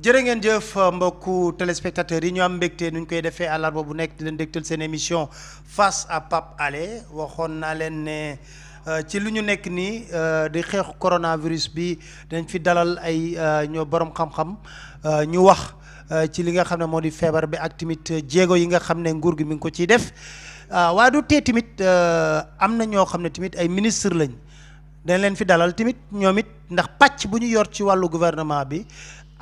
jërë ngeen jëf mbokku téléspectateurs yi ñu am mbégte nu koy defee àllarba bu nekk di leen dégtal seen émission face à Pape ale waxoon naa leen ne euh, ci lu ñu nekk nii euh, di xeexu coronavirus bi dañ fi dalal ay euh, ñoo borom xam-xam ñu wax ci li nga xam ne moo di feebar bi ak tamit jéego yi nga xam ne nguur gi mi ngi ko ciy def waaye du tee tamit am na ñoo xam ne tamit ay ministre lañ dañ leen fi dalal tamit ñoom it ndax pàcc bu ñu yor ci wàllu gouvernement bi.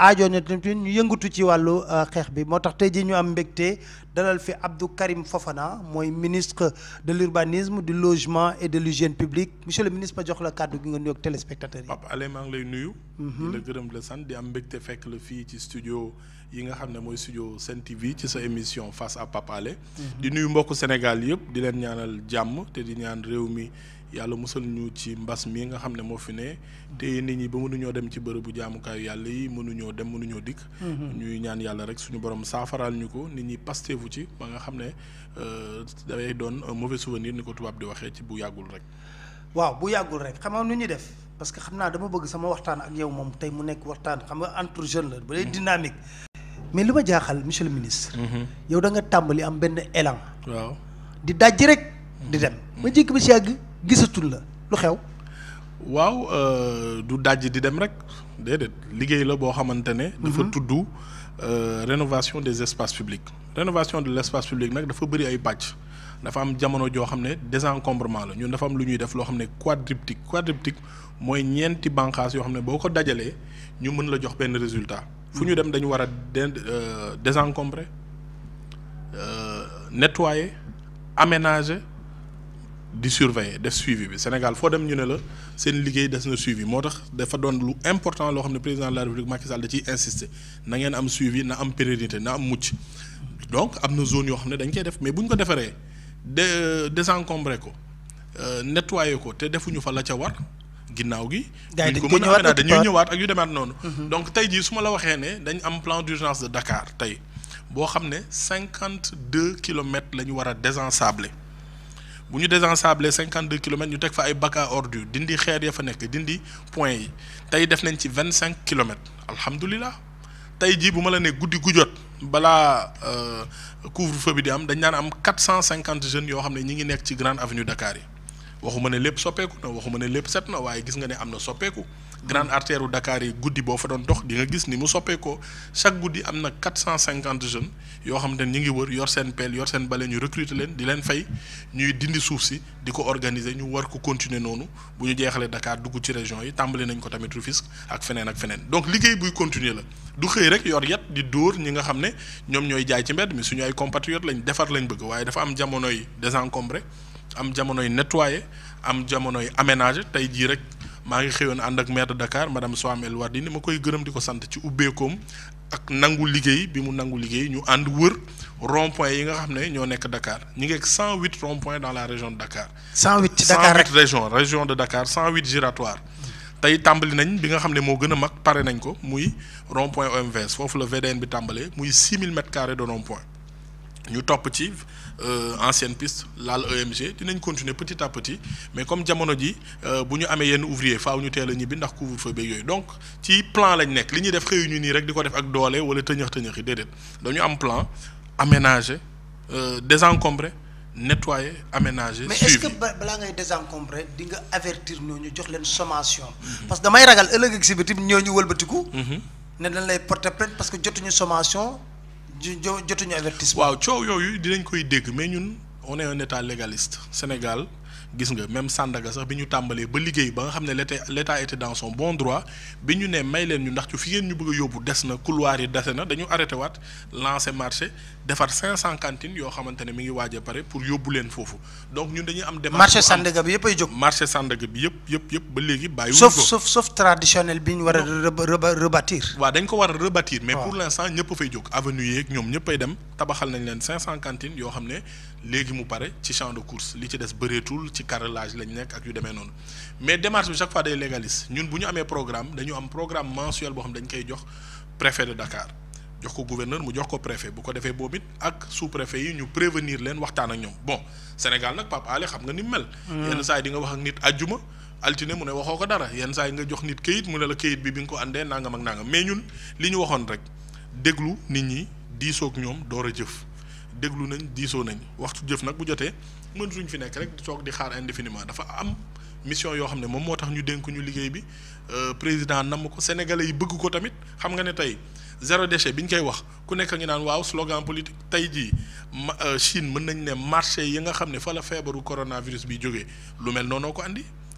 aajo na tamit ñu yëngatu ci wàllu euh, xeex bi moo tax tey jii ñu am mbégte dalal fi Abdou Karim Fofana mooy ministre de l'urbanisme du logement et de l'hygiène publique monsieur le ministre ma jox la kàddu gi nga nuyoog téléspectateurs yi. Pape Alé maa ngi lay nuyu. Mhm. di la gërëm di la sant di am mbégte fekk la fii ci studio yi nga xam ne mooy studio Sen TV ci sa émission face à Pape Alé. Mhm. di nuyu mbokku Sénégal yëpp di leen ñaanal jàmm te di ñaan réew mi. yàlla musal ñu ci mbas mi nga xam ne moo fi ne téye nit ñi ba mënuñoo dem ci bërëbu jaamukaayu yàlla yi mënuñoo dem mënuñoo dikk mm-hmm. ñuy ñaan yàlla rek suñu borom saafaraal ñu ko nit ñi pastéefu ci ba nga xam ne euh, day doon un mauvais souvenir ni ko tubaab di waxee ci bu yàggul rek waaw bu yàggul rek xam nga nu ñuy def parce que xam naa dama bëgg sama waxtaan ak yow moom tey mu nekk waxtaan xam nga entre jeune la ba lay mm-hmm. dynamique mais li ma jaaxal monsieur le ministre mm-hmm. yow da nga tàmbali am benn élan waaw di dajj rek di dem ma jékki ba si yàgg gisatul la lu xew. waaw euh, du dajj di dem rek déedéet liggéey la boo xamante ne. dafa mhm. tudd euh, rénovation des espaces publics. rénovation de l' espace public nag dafa bëri ay pàcc dafa am jamono joo xam ne désencombrement la ñun dafa am lu ñuy def loo xam ne quadriptyque quadriptyque mooy ñeenti bànqaas yoo xam ne boo ko dajalee ñu mën la jox benn résultat. fu ñu mhm. dem dañu war a euh, désencombrer nettoyer aménager de surveiller de suivi bi Sénégal foo dem ñu ne la seen liggéey des na suivi moo tax dafa doon lu important loo xam président de la République Macky Sall da ciy insister na ngeen am suivi na am pérennité na am mucc donc am zone yoo xam dañ koy def mais bu ko defaree de désencombré ko euh, nettoyé ko te defuñu fa la ca war ginnaaw gi. ñëwaat ak yu demaat noonu. Mm-hmm. donc tey jii su la waxee ne dañ am plan d'urgence de Dakar tey boo xam ne kilomètres la bu ñu désensablé cinquante deux ñu teg fa ay bac à ordures dindi xeer ya fa nekk dindi point yi tey def nañ ci 25 km kilomètres alhamdulilah tey jii bu ma la ne guddi gu bala balaa euh, couvre feu bi di am dañ daan am 450 jeunes yoo xam ne ñi ngi nekk ci grande avenue Dakar yi waxuma ne lépp soppeeku na waxuma ne lépp set na waaye gis nga ne am na soppeeku grand artère du Dakar et goudi bo fa dox di chaque Goudi, amna 450 jeunes yo ont ñi ngi wër yor sen pel yor ñu recruter leen di leen fay ñuy dindi souf ci diko organiser ñu war ko continuer bu ñu Dakar ci région yi nañ ko tamit ak ak donc continuer la du rek yor yat di door ñi nga xamné ñom ñoy jaay ci mi suñu ay compatriotes lañ defar lañ bëgg dafa am yi désencombré am maa ngi xëyoon ànd ak maire de Dakar madame Soham El Wardini ma koy gërëm di ko sant ci ubbeekoom ak nangu liggéey bi mu nangu liggéey ñu ànd wër rond point yi nga xam ne ñoo nekk Dakar ñu ngi ak 108 rond point dans la région de Dakar. 108 ci Dakar rek 108 région région de Dakar 108 giratoire tey tàmbali nañ bi nga xam ne moo gën a mag pare nañ ko muy rond point OMVS foofu la VDN bi tàmbalee muy 6000 mètres carrés de rond point ñu topp ci. Euh, ancienne piste lal EMG dinañ continuer petit à petit mais comme jamono ji euh, bu ñu amee yenn ouvrier faaw ñu teel a ñibbi ndax couvre-feu beeg donc ci plan lañ nekk li ñuy def xëyu ñu nii rek di ko def ak tenir wala tëñëx tëñëx yi déedéet dañu am plan aménager euh, désencombrer nettoyer aménager. mais est-ce que balaa ngay désencombrer di nga avertir ñooñu jox leen sommation. Mhm. parce que damay ragal ëllëg nous si bitim ñooñu wëlbatiku. Mhm. ne dañ lay porter plainte parce que une sommation. jotuñu avertissement. waaw coow yooyu dinañ koy dégg mais ñun on est un état légaliste Sénégal gis nga même Sandaga sax bi ñu tàmbalee ba liggéey ba nga xam ne l'état était dans son bon droit bi ñu ne may leen ñu ndax ci fi ngeen ñu bëgg a yóbbu des na couloir yi dese na dañu arrêté waat lancer marché defar 500 cantines yoo xamante ne mi ngi waaj a pare pour yóbbu leen foofu donc ñun dañuy am. démarche marché Sandaga bi yëpp ay jóg. marché Sandaga bi yëpp yëpp yëpp ba léegi bàyyiwuñu sauf sauf sauf traditionnel bi ñu war a rebâtir. waaw dañ ko war a rebâtir mais pour l'instant ñëpp fay jóg avenue yeeg ñoom ñëpp ay dem tabaxal nañ leen 500 cantines yoo xam ne léegi mu paré ci champ de course li ci des bëreetul ci carrelage lañ nek ak yu démé non mais démarche bi chaque fois day légaliste ñun buñu amé programme dañu am programme mensuel bo xam dañ koy jox préfet de Dakar jox ko gouverneur mu jox ko préfet bu ko défé bobit ak sous préfet yi ñu prévenir leen waxtaan ak ñom bon Sénégal nak pap Alé xam nga ni mel. Hmm. yenn say di nga wax ak nit aljuma altiné mu né waxoko dara yenn say nga jox nit keuyit mu ne la keuyit bi bi nga ko àndee nangam ak nangam mais ñun li ñu waxoon rek déglu nit ñi diisoog ñoom door a jëf. déglu nañ diisoo nañ waxtu jëf nag bu jotee mënatuñ fi nekk rek soog di xaar indéfiniment dafa am mission yoo xam ne moom moo tax ñu dénk ñu liggéey bi euh, président nam ko sénégalais yi bëgg ko tamit xam nga ne tey zéro déchet bi ñu koy wax ku nekk ngi naan waaw slogan politique tey jii euh, Chine mën nañ ne marché yi nga xam ne fa la feebaru coronavirus bi jógee lu mel noonu ko indi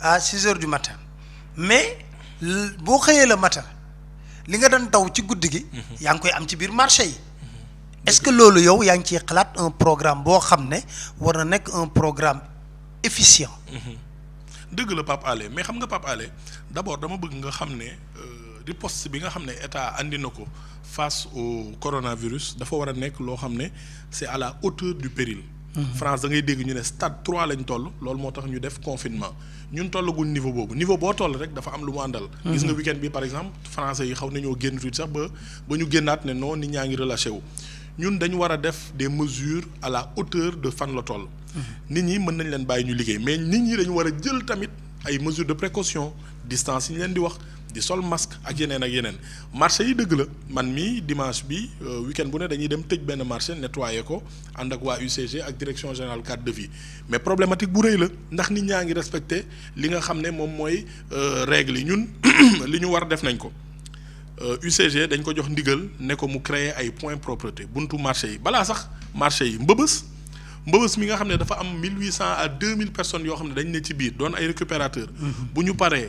à 6 heures du matin mais boo xëyee le matin li nga doon daw ci guddi gi. yaa ngi koy am ci biir marché est-ce que loolu yow yaa ngi ciy un programme boo xam ne war un programme efficient. dëgg la Pape Alé mais xam nga Pape Alé d'abord dama bëgg nga xam ne euh, riposte bi nga xamné état andi na face au coronavirus dafa wara nek lo xamné c'est à la hauteur du péril. France da ngay dégg ñu ne stade trois lañ toll loolu moo tax ñu def confinement ñun tollagul niveau bobu. niveau bo toll rek dafa am lu andal. gis nga mhm. week-end bi par exemple français yi xaw nañoo génn tuuti sax ba ba ñu génnaat ne non nit ñaa ngi relâché wu ñun dañu wara a def des mesures à la hauteur de fan la toll mhm. nit ñi mën nañ leen bàyyi ñu liggéey mais nit ñi dañu wara jël tamit ay mesures de précaution distance yi ñu leen di wax di sol masque ak yeneen ak yeneen marché yi dëgg la man mii dimanche bi euh, week-end bu ne dañuy dem tëj benn marché nettoyer ko ànd ak waa UCG ak direction générale cadre de vie mais problématique bu rëy la ndax nit ñaa ngi respecté li nga xam ne moom mooy euh, règle yi ñun li ñu war def nañ ko UCG euh, dañ ko jox ndigal ne ko mu créer ay points propreté buntu marché yi balaa sax marché yi mbëbës mbëbës mi nga xam ne dafa am 1800 à 2000 personnes yoo xam ne dañ ne ci biir doon ay récupérateur mm-hmm. bu ñu paree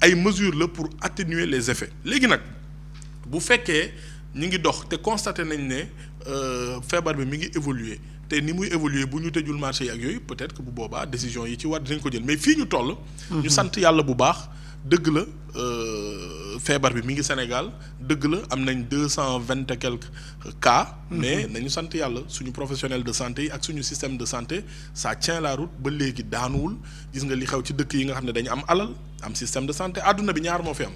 ay mesures la pour atténuer les effets légui nak bu féké ñi ngi dox té constaté nañ euh feebar bi mi ngi évoluer té ni muy évoluer bu ñu tëjul marché ak yoy peut-être que bu boba décision yi ci wad dinañ ko jël mais fi ñu toll. Mhm. ñu sante yalla bu baax deug la. Euh, feebar bi mi ngi Sénégal dëgg la am nañ 220 quelque cas. mais mhm. nañu sant yàlla suñu professionnel de santé yi ak suñu système de santé ça tient la route ba léegi daanuwul gis nga li xew ci dëkk yi nga xam ne dañu am alal am système de santé àdduna bi ñaar moo fi am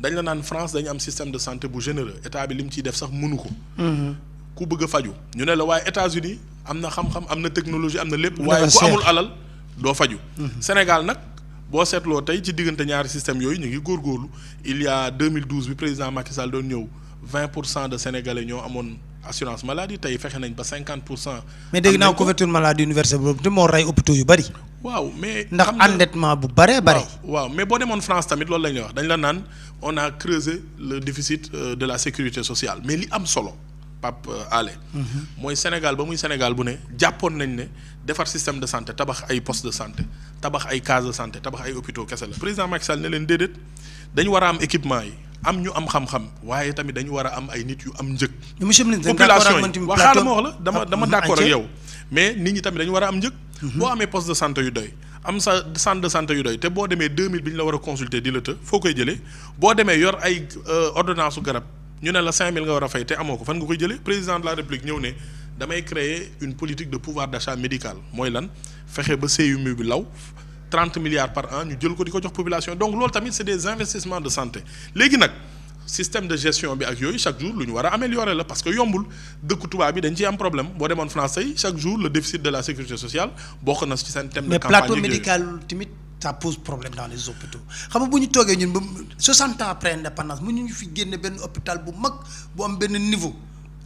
dañ la naan France dañu am système de santé bu généreux état bi lim mu ciy def sax mënu ko. Mhm. ku bëgg faju ñu ne la waaye États-Unis am na xam-xam am na technologie am na lépp. waaye ku amul alal doo faju mhm. Sénégal nag bo setlo tay ci digënté ñaar système yoy ñu ngi gorlu il y a 2012 bi président Macky Sall do ñëw 20 de sénégalais ñoo amone assurance maladie tay fexé nañ ba 50 mais dégg naa couverture maladie universelle boobu te ray rey hôpitaux yu bari waaw mais ndax endettement bu bare bare waaw mais boo demoon France tamit loolu la ñuy wax dañ la naan on a creusé le déficit euh, de la sécurité sociale mais li am solo Pape euh, Alé. Mhm. mooy Sénégal ba muy Sénégal bu ne jàppoon nañ ne defar système de santé tabax ay poste de santé tabax ay case de santé tabax ay hôpitaux kese président Macky Sall ne leen déedéet dañu war am équipement yi am ñu am xam-xam waaye tamit dañ wara am ay nit yu am njëg. monsieur ministre population yi waaw wax la dama ah, dama d'accord ak yow. mais nit ñi tamit dañ wara am njëg. Mhm. bo amé poste de santé yu doy. am sa centre de santé yu doy té bo démé 2000 biñ la wara consulter di la të foo koy jëlé bo démé yor ay euh, ordonnance garab ñu né la 5000 nga wara fay té amoko fan nga koy jëlee président de la république ñëw né damay créer une politique de pouvoir d'achat médical moy lan fexé ba bi law 30 milliards par an ñu jël ko jox population donc lool tamit c'est des investissements de santé légui le système de gestion bi ak chaque jour nous devons améliorer parce que yombul a un bi problème français chaque jour le déficit de la sécurité sociale bokk na thème de campagne mais plateau médical timit ça pose problème dans les hôpitaux xam vous bu 60 ans après l'indépendance, nous fi un ben hôpital bu mag bu niveau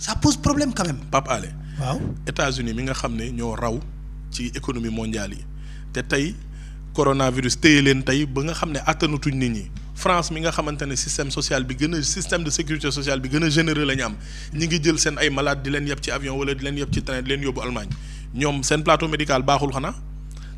ça pose problème quand même. Papa, allez. waaw États-Unis mi nga xam ne ñoo raw ci économie mondiale Et aujourd'hui, le coronavirus téye leen tey ba nga xam ne nit ñi France mi nga xamante système social bi système de sécurité sociale bi le plus généreux la ñu am ñi ngi jël seen ay malade di leen yeb ci avion wala di leen yeb ci train di leen yóbbu Allemagne sen plateau médical baaxul xanaa.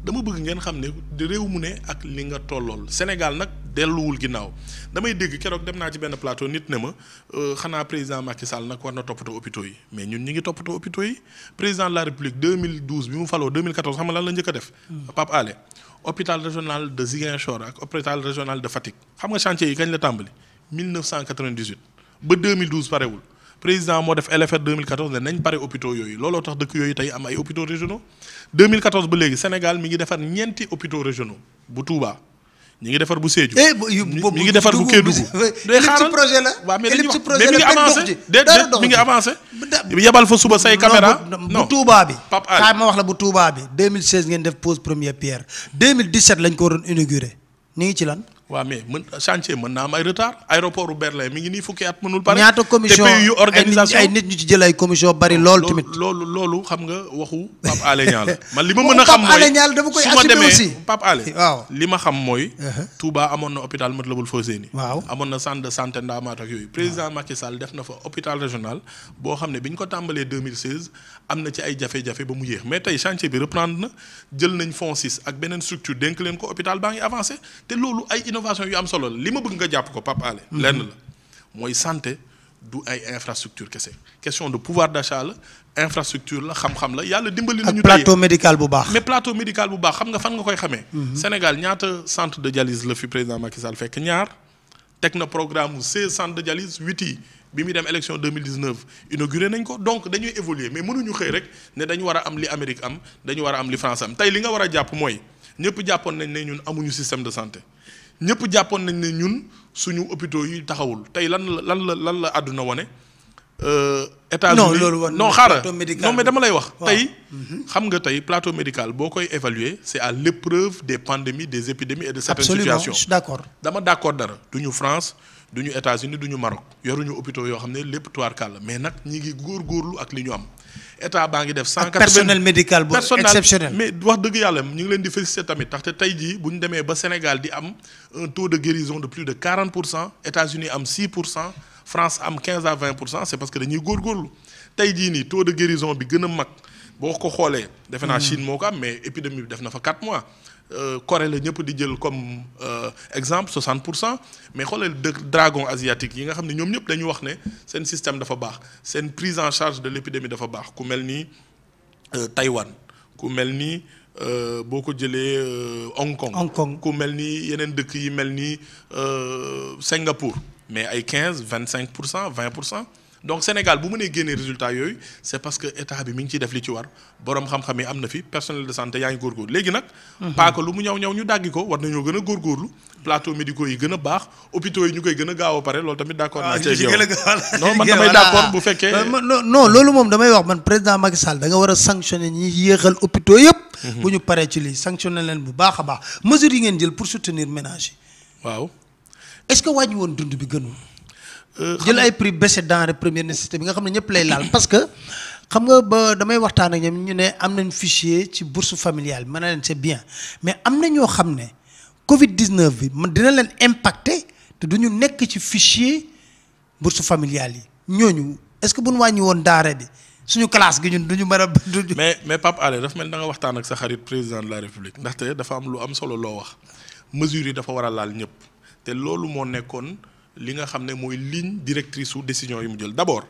dama bëgg ngeen xam ne réew mu ne ak li nga tollool Sénégal nag delluwul ginnaaw damay dégg keroog dem naa ci benn plateau nit ne ma euh, xanaa président Macky Sall nag war na toppatoo hôpitaux yi mais ñun ñu ngi toppatoo hôpitaux yi président de la République 2012 bi mu faloo xam nga lan la njëkk a def. Hmm. Pape Alé hôpital régional de Ziguinchor ak hôpital régional de Fatick xam nga chantier yi kañ la tàmbali ba parewul. président moo def LFR 2014 ne hôpitaux yooyu tax hôpitaux régionaux 2014 ba Sénégal mi ngi hôpitaux régionaux bu Touba ñi ngi bu mi ngi bu projet la. mais mi ngi avancé mi ngi fa suba bu Touba bi. ma wax la bu Touba bi 2016 ngeen def pose première pierre 2017 lañ ko inauguré ci lan waaw mais mën chantier mën naa am retard aéroport u Berlin mi ngi nii fukki at mënul pare ñaata commission te yu organisation ay nit ñu ci jël ay commission bari lool tamit loolu loolu xam nga waxu Pape Alé Niang la man li ma mën a xam mooy dama koy su ma demee Pape Alé waaw li ma xam mooy uh-huh. Touba amoon na hôpital Matlaboul Fawzeyni waaw amoon na centre de santé Ndaamaat ak yooyu président Macky Sall def na fa hôpital régional bo xamné biñ ko tambalé 2016 amna ci ay jafé jafé ba mu yéx. mais tay chantier bi reprendre na jël nañ fonds 6 ak benen structure denk leen ko hôpital baa ngi avancé te loolu ay innovation yu am solo li ma bëgg nga mhm. la santé du ay infrastructure question de pouvoir d'achat la infrastructure la xam-xam plateau médical mais plateau médical bu baax xam nga fan nga koy mhm. Sénégal centre de dialyse le président Macky ñaar programme de dialyse 8 bi dem élection 2019 inauguré donc dañuy évoluer mais ne a am li Amérique France am tey li nga ñëpp ne ñun de santé. ñëpp jàppoon nañ ne ñun suñu hôpitaux yi taxawul tey lan la lan la lan la àdduna wane. Euh, états-unis non loolu wane non xaaral non mais dama lay wax. tey mhm. xam nga tey plateau médical boo koy évaluer c'est à l'épreuve des pandémies des épidémies et de certaines situations absolument d'accord dama dara duñu France duñu états-unis duñu Maroc yoruñu hôpitaux yoo xam ne lépp tuwaarkàll mais nag ñi ngi góor góorgóorlu ak li ñu am. état personnel médical bu exceptionnel mais wax faut yalla ñu ngi leen di féliciter tamit taxte tay ji ba am un taux de guérison de plus de 40 États-Unis am 6 France am 15 à 20 c'est parce que dañuy góorgóorlu tay ji ni taux de guérison bi gëna a mag boo ko xoolee. Hmm. Chine mais épidémie bi def na fa 4 mois. Euh, Corée la ñëpp di jël comme euh, exemple 60 mais les dragons dragon asiatique yi nga xam ne ñoom ñëpp dañu wax né système dafa c'est une prise en charge de l'épidémie dafa comme ku Taiwan euh, Taïwan ku melni euh, boko euh, Hong Kong Hong Kong ku melni dëkk yi Singapour mais ay 15 25 20 donc Sénégal bu mënee résultat résultats. c'est parce que état bi mi ngi def li ci personnel de santé sont pas que mu ñaw ñaw ñu ko war a plateau médicaux yi hôpitaux yi les a tamit ah, non man suis d'accord bu euh, non non loolu que wax man président Macky Sall da nga sanctionner tous hôpitaux mhm. bu ñu ci les sanctionné mesures yi ngeen jël pour soutenir les est-ce que euh, jël ay prix baissé denrée première nécessité bi nga xam ne ñëpp lay laal parce que xam nga ba damay waxtaan ak ñoom ñu ne am nañ fichier ci bourse familiale bi mën na leen c'est bien mais am na ñoo xam ne Covid 19 bi man dina leen impacté te duñu nekk ci fichier bourse familiale yi ñooñu est-ce que bu ñu wàññi woon daare bi suñu classe gi ñun duñu ñu mën a. mais mais Pape Alé dafa mel da nga waxtaan ak sa xarit président de la république ndaxte dafa am lu am solo loo wax mesures yi dafa war a laal ñëpp te loolu moo nekkoon li nga xam ne mooy ligne directrice ou décision yi mu jël d' abord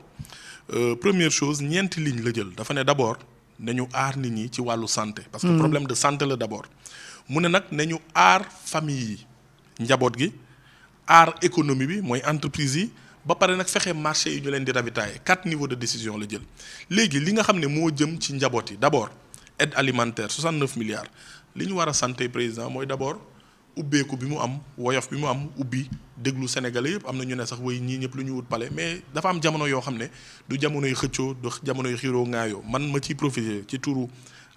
euh, première chose ñeenti ligne la jël dafa ne d' abord nañu aar nit ñi ci wàllu santé. parce que hmm. problème de santé la d' abord. mu ne nag nañu aar famille yi njaboot gi aar économie bi mooy entreprise yi ba pare nag fexe marché yi ñu leen di ravitailler quatre niveaux de décision la jël léegi li nga xam ne moo jëm ci njaboot yi d' abord aide alimentaire 69 milliards li ñu war a santé président mooy d' abord. ubbeeku bi mu am woyof bi mu am ubbi déglu sénégalais yëpp am na ñu ne sax way ñii ñëpp lu ñu wut pale mais dafa am jamono yoo xam ne du jamonoy xëccoo du jamonoy xiiroo ŋaayoo man ma ciy profité ci turu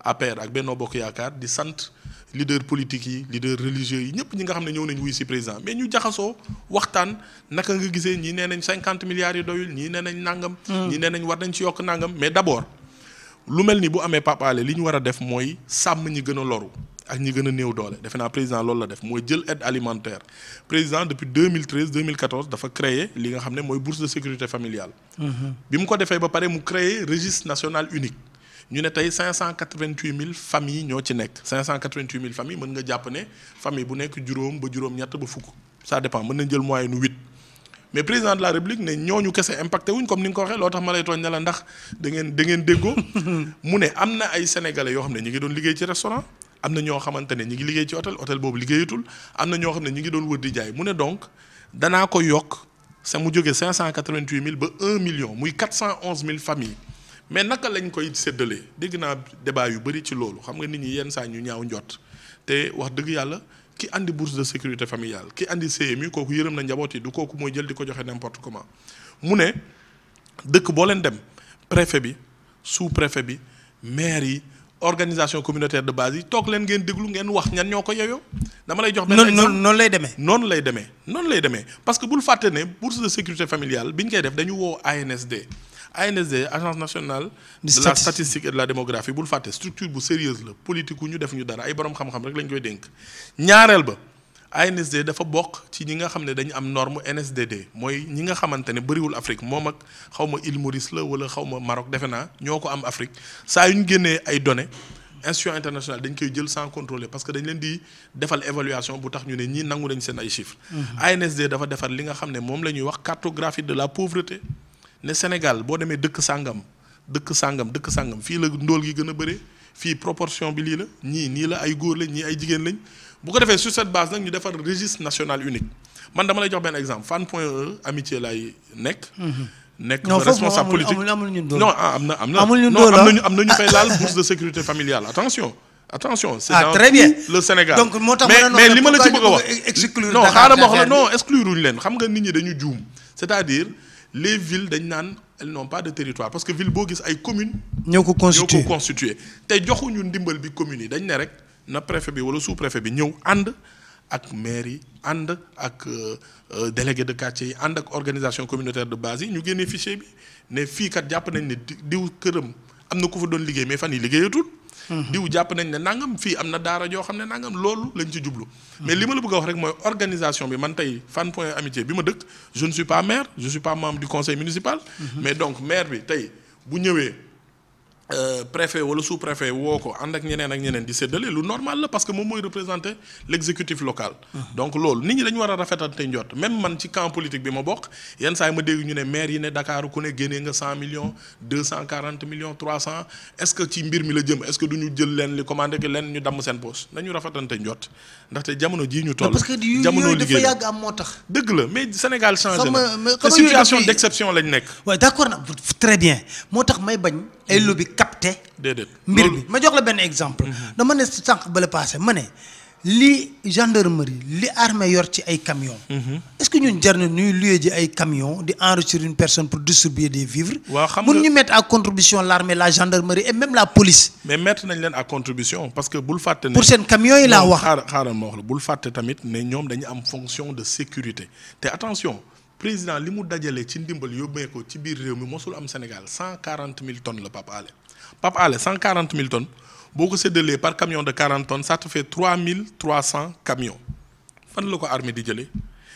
APR ak Benno Bokk Yaakaar di sant leader politique yi leader religieux yi ñëpp ñi nga xam ne ñëw nañ wuy si président mais ñu jaxasoo waxtaan naka nga gisee ñii nee nañ cinquante milliards yi doyul ñii nee nañ nangam. Hmm. ñii nee nañ war nañ ci yokk nangam mais d'abord lu mel ni bu amee papaale li ñu war a def mooy sàmm ñi gën a loru. ak ñi gën a néew doole defe naa président loolu la def mooy jël aide alimentaire président depuis 2013 2014 dafa créer li nga xam ne mooy bourse de sécurité familiale. Mhm. bi mu ko defee ba pare mu créer registre national unique ñu ne tey 588000 familles ñoo ci nekk. 588000 familles mën nga jàpp ne famille bu nekk juróom ba juróom-ñett ba fukk ça dépend mën nañ jël moyen nu 8. mais président de la république ne ñooñu kese impacté wuñ comme ni nga ko waxee loo tax ma lay tooñ ne la ndax da ngeen da ngeen déggoo. mu ne am na ay sénégalais yoo xam ne ñu ngi doon liggéey ci restaurant. am na ñoo xamante ne ñu ngi liggéey ci hôtel hôtel boobu liggéeyatul am na ñoo xam ne ñu ngi doon wër di jaay mu ne donc danaa ko yokk sa mu jógee cinq cent quatre vingt ba un million muy quatre cent onze mille familles mais naka lañ koy séddalee dégg naa débat yu bëri ci loolu xam nga nit ñi yenn saa ñu ñaaw njot te wax dëgg yàlla ki andi bourse de sécurité familiale ki andi CMU kooku yërëm na njaboot yi du kooku mooy jël di ko joxe n'importe comment mu ne dëkk boo leen dem préfet bi sous préfet bi maire yi. organisation communautaire de base yi toog leen ngeen déglu ngeen wax ñan ñoo ko Non dama lay jox benn Non noonu lay demee noonu lay demee noonu lay demee parce que bul fàtte ne bourse de sécurité familiale bi ñu koy def dañu woo ANSD ANSD agence nationale de la statistique et de la démographie bul fàtte structure bu sérieuse la politique ñu def ñu dara ay borom xam-xam rek lañ koy dénk ñaareel ba ANSD dafa bokk ci ñi nga xam ne dañu am norme NSDD mooy ñi nga xamante ne bëriwul Afrique moom ak xaw ma Île la wala xaw ma Maroc defe naa ñoo ko am Afrique saa yu ñu génnee ay données institution internationale dañ koy jël sans contrôler parce que dañ leen di defal évaluation bu tax ñu ne ñii nangu nañ seen ay chiffres. Mhm. ANSD dafa defar li nga xam ne moom la ñuy wax cartographie de la pauvreté ne Sénégal boo demee dëkk sàngam dëkk sàngam dëkk sàngam fii la ndóol gi gën a bëree fii proportion bi lii la ñii nii la ay góor lañ ñii ay jigéen lañ. bu ko defee sur cette base devons ñu un registre national unique man dama lay jox un exemple FAN.E, amitié lay nekk. Mhm. nekk responsable politique non amul ñun non ah, am na am na non am ah. Non, am nañu fay laal bourse de sécurité familiale attention. attention c'est ah, dans tout le Sénégal donc moo mais li ma la ci bëgg wax non xaaral ma non exclure uñu leen xam nga nit ñi dañu joom c'est-à-dire les villes dañ naan elles n'ont pas de territoire parce que ville bo gis ay communes ñoo ko constitué ñoo ko constitué te joxuñu ndimbal bi communes yi dañ ne rek na préfet bi wala sous-préfet bi ñëw and ak maire yi and ak euh, euh, délégué de quartier yi ànd ak organisation communautaire de base yi ñu génnee fichier bi né fi kat japp nañ ne diw kërëm amna ku fa doon liggéey mais fan yi liggéeyatul. Mhm. diw japp nañ ne nangam fi, am na daara joo nangam loolu lañ ci jublu. mais li ma la bëgg wax rek mooy organisation bi man tay fan Point Amitié bi ma dëkk je ne suis pas maire je suis pas membre du conseil municipal. Mhm. mais donc maire bi tay bu ñëwee. Euh, préfet wala sous-préfet woo ko ànd ak ñeneen ak ñeneen di séddale lu normal la parce que moom mooy représenter l'exécutif local. Mmh. donc loolu nit ñi dañu war a rafetante njot même man ci camp politique bi ma bokk yenn saa yi ma dégg ñu ne maire yi ne Dakar ku ne génnee nga 100 millions 240 millions 300. est-ce que ci mbir mi la jëm est-ce que du jël leen li commandé que leen ñu damm seen poche nañu rafetante njot ndaxte jamono jii ñu toll. jamono liggéey dafa yàgg am moo tax. dëgg la mais Sénégal changé na. situation d'exception lañ nekk. waaw d'accord na très bien moo tax may bañ ay mmh. lobby capté. déedéet mbir bi ma jox la benn exemple. Mhm. dama ne sànq bala paase ma ne li gendarmerie li armée yor ci ay camions. Mhm. est-ce que ñun jar na ñuy loué ji ay camions di enrichir une personne pour distribuer des vivres. waaw xam mun ñu mettre à contribution l'armée la gendarmerie et même la police. mais mettre nañ leen à contribution parce que bul fàtte pour seen camions yi laa wax. xaaral ma wax la bul fàtte tamit ne ñoom dañu am fonction de sécurité te attention. président li mu dajale ci ndimbal yóbbee ko ci biir réew mi mosul am Sénégal 140 000 tonnes la papa Papa, allez, 140 000 tonnes. Beaucoup c'est de lait par camion de 40 tonnes, ça te fait 3 300 camions. Fan le que armé as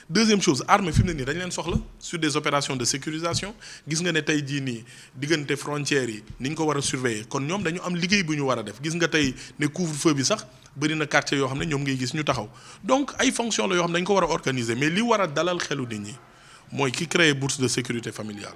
Deuxième chose, armée fin de ni rien sur sur des opérations de sécurisation. Gis nga netay di ni, diga nete frontières yi, ni nga wara surveiller. Kon nyom dañu am ligay bu ñu wara def. Gis nga tay ne couvre feu bi sax, bari na quartier yo xamne ñom ngay ñu Donc ay fonctions la yo xamne dañ ko mais li wara dalal xelu nit moy ki une bourse de sécurité familiale.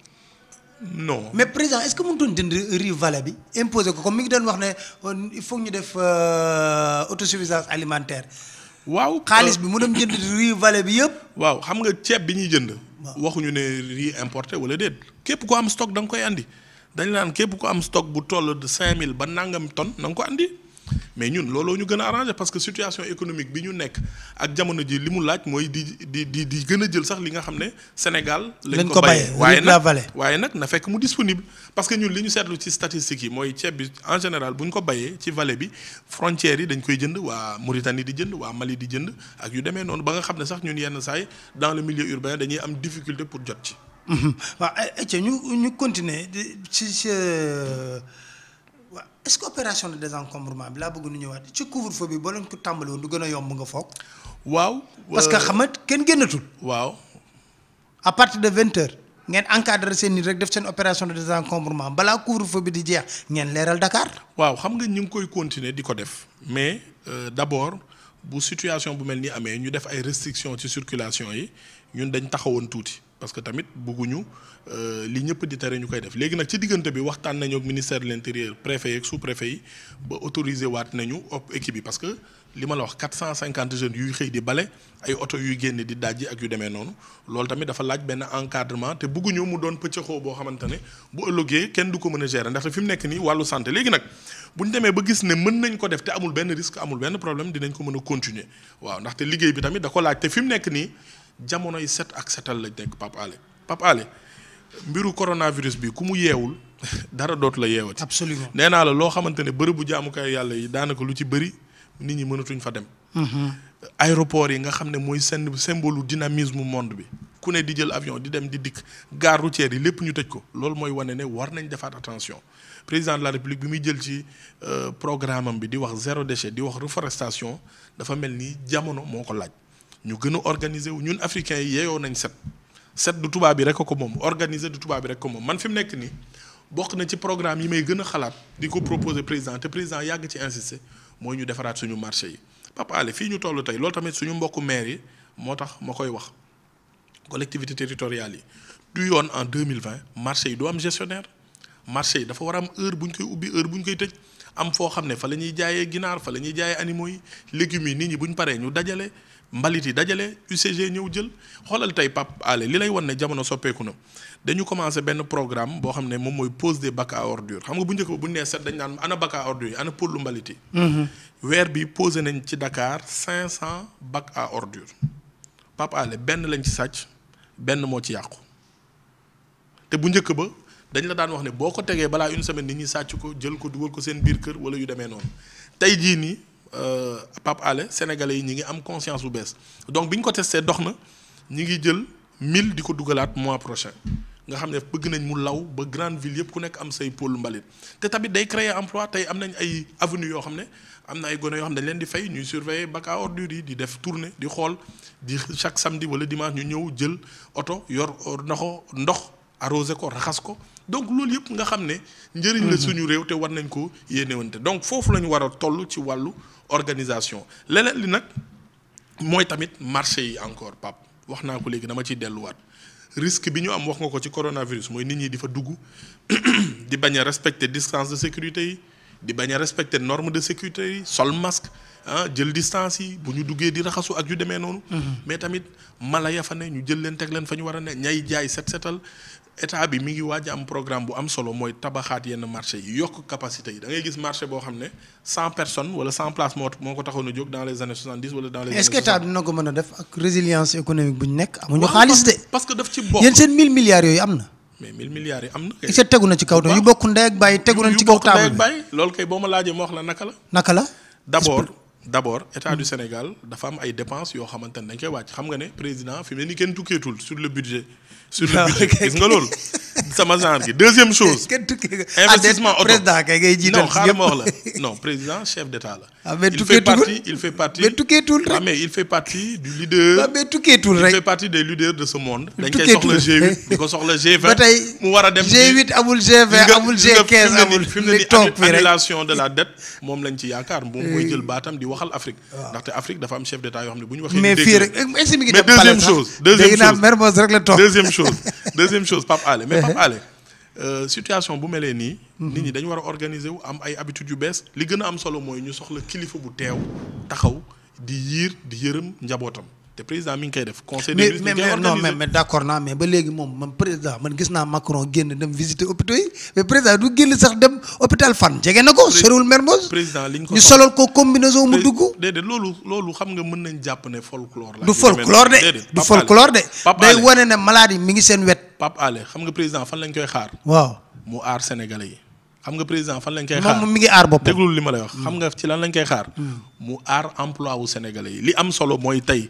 non mais président est-ce que mënutoon jënd riz vallée bi imposé ko comme mi ngi doon wax ne euh, il faut ñu def euh, autosuffisance alimentaire. waaw xaalis bi euh, mu dem jënd riz vallée bi yëpp. waaw xam nga ceeb bi ñuy jënd. waxuñu ne riz importé wala déet. képp ko am stock danga koy andi dañ naan képp ko am stock bu toll de mille ba nangam tonne na ko andi. mais ñun looloo ñu gën a arrangé parce que situation économique bi ñu nekk ak jamono ji li mu laaj mooy di di di di gën a jël sax li nga xam ne Sénégal. lañ ko bayee waaye nag waaye nag na fekk mu disponible. parce que ñun li ñu seetlu ci statistiques yi mooy ceeb bi en général bu ñu ko bayee ci vallée bi frontières yi dañ koy jënd waa Mauritanie di jënd waa Mali di jënd ak yu demee noonu ba nga xam ne sax ñun yenn saay dans le milieu urbain dañuy am difficulté pour jot ci. Mhm. waaw ñu ñu continuer ci euh, est-ce qu'opération de désencombrement bla laa bëgg nu ñëwaat ci couvre-feu bi boo ko tàmbali woon du gëna yomb nga fokk waaw. parce que euh, xamat ken kenn waaw. à partir de 20h ngeen encadrer seen nit rek def seen opération de désencombrement bla couvre-feu bi di jeex ngeen leeral Dakar. waaw xam nga ñu ngi koy continuer di ko def mais euh, d'abord bu situation bu mel ni amee ñu def ay restrictions ci circulation yi ñun dañ taxawoon tuuti parce que tamit bëgguñu euh, li ñëpp di tere ñu koy def léegi nag ci diggante bi waxtaan nañu ak ministère de l'intérieur préfet yeeg sous-préfet yi ba autoriser waat nañu op équipe yi parce que li ma la wax 450 jeunes yuy xëy di bale ay oto yuy génn di dajji ak yu demee noonu loolu tamit dafa laaj benn encadrement te bëgguñu mu doon pëccëxoo boo xamante ne bu ëllëgee kenn du ko mën a gérer ndax fi mu nekk nii wàllu santé léegi nag bu ñu demee ba gis ne mën nañ ko def te amul benn risque amul benn problème dinañ ko mën a continuer waaw ndaxte liggéey bi tamit da ko laaj te fi mu nekk nii jamonoy set ak setal la nekk Pape Alé Pape mbiru coronavirus bi ku mu yeewul dara dootu la yeewati. absolument nee naa la loo xamante ne bërëbu jaamukaay yàlla yi daanaka lu ci bëri nit ñi mënatuñ fa dem. Mm-hmm. aéroport yi nga xam ne mooy seen symbole dynamisme monde bi ku ne di jël avion di dem di dikk gare routière yi lépp ñu tëj ko loolu mooy wane ne war nañ defaat attention président de la république bi muy jël ci euh, programme bi di wax zéro déchet di wax reforestation dafa mel ni jamono moo ko laaj. ñu gën a organiser wu ñun africains yi yeeyoo nañ set set du tubaab bi rek ko moom organiser du tubaab bi rek ko moom man fi mu nekk nii bokk na ci programme yi may gën a xalaat di ko proposer président te président yàgg ci insister mooy ñu defaraat suñu marché yi Papa Alé fii ñu toll tey loolu tamit suñu mbokku maire yi moo tax ma koy wax collectivité territoriale yi du yoon en mille 2020 marché yi du am gestionnaire marché yi dafa war a am heure bu ubbi heure bu ñu koy tëj am foo xam ne fa la ñuy jaayee ginaar fa la ñuy jaayee animaux yi légumes yi nit ñi bu ñu paree ñu dajale mbalit yi dajale UCG ñëw jël xoolal tey Pape Alé li lay won ne jamono soppeeku na dañu commencé benn programme boo xam ne moom mooy pose des bacs à ordures xam nga bu njëkk ba bu ñu nee set dañ naan ana bacs à ordures yi ana pëllu mbalit yi. Mm-hmm. weer bi posé nañ ci Dakar 500 bacs à ordures Pape Alé benn lañ ci sàcc benn moo ci yàqu te bu njëkk ba dañ la daan wax ne boo ko tegee balaa une semaine nit ñi sàcc ko jël ko dugal ko seen biir kër wala yu demee noonu tey jii nii. Euh, Pape sénégalais ont ñi am conscience bu donc si ñi mois prochain nga xam mu law ba grande ville yëpp ku nekk am say pôle mbalit te tamit day créer emploi tay am nañ ay avenue ay di def tournée di di chaque samedi wala dimanche ñu ñëw jël auto yor ndox ko donc loolu yëpp nga xam ne. njëriñ la mhm. suñu réew te war nañ ko yéenewante donc foofu la ñu war a toll ci wàllu organisation leneen li nag mooy tamit marché yi encore Pape wax naa ko léegi dama ciy delluwaat risque bi ñu am wax nga ko ci coronavirus mooy nit ñi di fa dugg di bañ a respecter distance de sécurité yi di bañ a respecter norme de sécurité yi sol masque ah jël distance yi bu ñu duggee di raxasu ak yu demee noonu. Mhm. mais tamit mala ya fa ne ñu jël leen teg leen fa ñu war a ne ñay jaay set setal état bi mi ngi waaj am programme bu am solo moy tabaxaat yenn marché yi yokk capacité yi da ngay gis marché bo xamné 100 personnes wala 100 places moo moko ko taxoon dans les années 70 wala dans les. est ce que état dina ko mën def ak résilience économique buñ nek amuñu xaliss de parce que daf ci bokk yeen seen 1000 milliards yooyu amna mais 1000 milliards yi amna ci kay tegu na ci kaw yu bokku ndey ak bàyyi tegu na ci kaw table yu bokk ndey ak bàyyi kay boma laaje mo wax la naka la. naka la d' abord. état du hmm. Sénégal dafa am ay dépenses yo xamante dañ koy wacc xam nga né président fi mu ne ni kenn tukkeetul sur le budget deuxième chose. investissement auto non président chef d'état ah, il fait partie il fait partie ah, mais il fait partie du leader. Ah, il fait partie des leaders de ce monde. le G8 fait partie le G20. G8 G20 G15 annulation de la dette lañ ci eh. di waxal Afrique. Afrique chef d'état mais mais deuxième chose deuxième chose deuxième chose Papa allez. mais Pape Euh, situation bu nous ni mhm. nit ñi dañu wara organiser wu am ay habitudes yu best, li gëna am solo moy ñu soxla kilifa bu tew taxaw di te président mi ngi koy def conseil des ministres. mais non mais mais d' naa mais ba léegi moom man président man gis naa Macron génn dem visiter hôpitaux yi mais président du génn sax dem hôpital fan jege na ko. soriwul Mermoz président liñ ko ñu solal ko combinaison mu dugg. déedéet loolu xam nga mën nañ jàpp ne folklore la. du folklore de du folklore de. day wane ne malade yi mi ngi seen wet. Pape Alé xam nga président fan lañ koy xaar. waaw mu aar sénégalais yi. xam nga président fan lañ koy xaar moom mi ngi aar boppam déglul li ma lay wax. xam nga mm. ci lan lañ koy xaar. Mm. mu aar emploi wu sénégalais yi li am solo mooy tey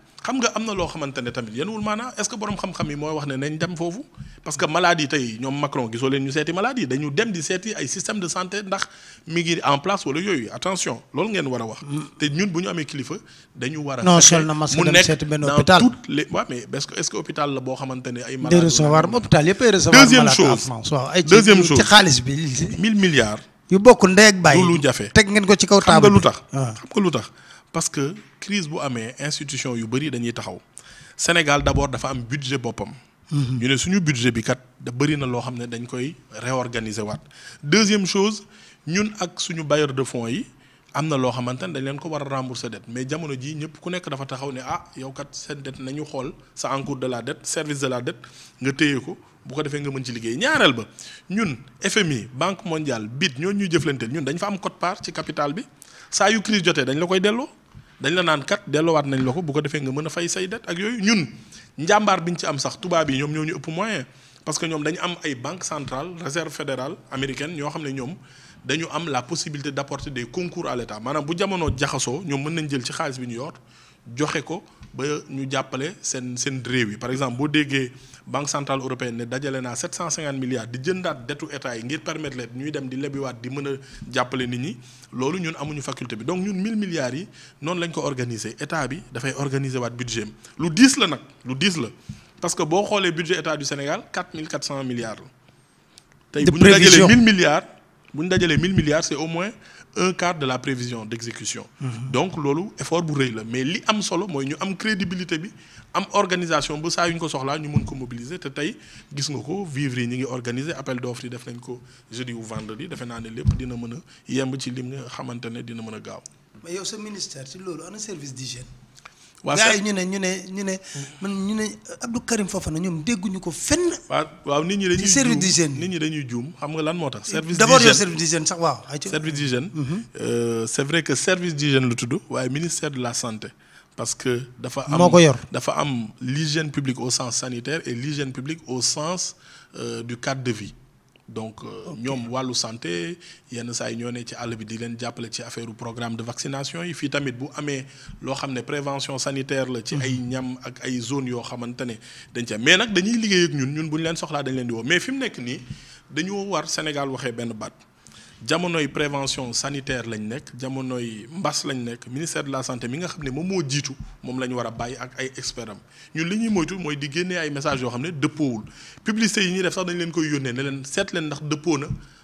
xam nga am na loo xamante tamit yenuwul maanaa est-ce que borom xam-xam yi mooy wax ne nañ dem foofu parce que maladie tey ñoom Macron gisoo leen ñu seeti maladie dañu dem di seeti ay système de santé ndax mi ngi en place wala yooyu attention loolu ngeen war a wax. Mm. te ñun bu ñu amee kilifa dañu war a. non sol na masque mu nekk dans toutes les waaw mais est-ce que hôpital la boo xamante ne ay. malades de recevoir hôpital yëpp ay recevoir. deuxième chose waaw ay ci ci xaalis bi. 1000 milliards. yu bokk ndey ak bàyyi. lu jafe teg ngeen ko ci kaw taabal xam nga lu tax. parce que crise bu amé institution yu bari dañuy taxaw Sénégal d'abord dafa am budget bopam mhm. ñu ne suñu budget bi kat da bëri na lo xamné dañ koy réorganiser wat deuxième chose ñun ak suñu bailleur de fonds yi. amna lo loo dañ leen ko wara rembourser dette mais jamono ji ñëpp ku nekk dafa taxaw né ah yow kat sen dette nañu xol sa encours de la dette service de la dette nga téyé ko bu ko defee nga mën ci liggéey ñaaral ba ñun FMI banque mondiale BID ñoo ñu jëflanteel ñun dañ fa am quote-part ci capital bi saa yu crise joté dañ la koy delloo. dañu la naan kat delluwaat nañ la ko bu ko defee nga mën a fay say dette ak yooyu ñun njàmbaar biñ ci am sax tubaab yi ñoom ñoo ñu ëpp moyen parce que ñoom dañu am ay banque centrale réserve fédérale américaine ñoo xam ne ñoom dañu am la possibilité d'apporter des concours à l'état maanaam bu jamono jaxasoo ñoom mën nañ jël ci xaalis bi ñu yor joxe ko ba ñu jappalé sen sen réew par exemple si la banque centrale européenne né dajalé na 750 milliards di jëndat dettu état yi ngir permettre leen ñuy dem di lebiwaat di mëna jappalé nit ñi lolu ñun amuñu faculté bi donc ñun 1000 milliards yi non lañ ko organiser état bi fay organiser wat budget lu 10 la nak lu 10 la parce que bo xolé budget état du Sénégal 4400 milliards tay milliards. Si 1000 milliards dajalé 1000 milliards c'est au moins un quart de la prévision d'exécution. Mhm. donc lolo effort bu rëy la mais li am solo moi ñu am crédibilité bi am organisation bon ça yu ñu ko soxlaa ñu mën ko mobiliser te gis nga ko vivre yi ngi organiser appel d'offre yi def nañ ko jeudi ou vendredi defe naa ne lépp dina y a yemb ci lim nga xamante ne dina mën a gaaw. mais yow ce ministère ci loolu ana service d'hygiène waaw gars yi ñu ne ñu ne ñu ne man ñu Abdou Karim Fofana ñoom dégguñu ko fenn. waaw nit ñi dañuy service d'hygiène nit ñi dañuy juum xam nga lan moo service d'hygiène d'abord yow service d'hygiène sax waaw. service d'hygiène. Mhm. Euh, c'est vrai que service d'hygiène lu tudd waaye ministère de la santé. parce que dafa am dafa am l'hygiène publique au sens sanitaire et l'hygiène publique au sens euh, du cadre de vie donc euh, ñom walu santé yenn say ñone ci all bi di leen jàppale ci affaire programme de vaccination yi fi tamit bu amé lo xamné prévention sanitaire la ci ay mhm. ñam ak ay zone yo xamantene dañ ci mais nak dañuy liggéey ak ñun ñun bu ñu leen soxlaa dañ leen di wo mais fim nek ni dañu war Sénégal waxé ben baat jamonoy prévention sanitaire lañ nek jamonoy mbass lañ nek ministère de la santé mi nga xamné ne moom moo jiitu moom la ñu a ak ay expertam ñun li ñuy moytu moy di génné ay message yo xamné ne publicité yi ñi def sax dañ leen koy yónnee ne leen set leen ndax dëppoo na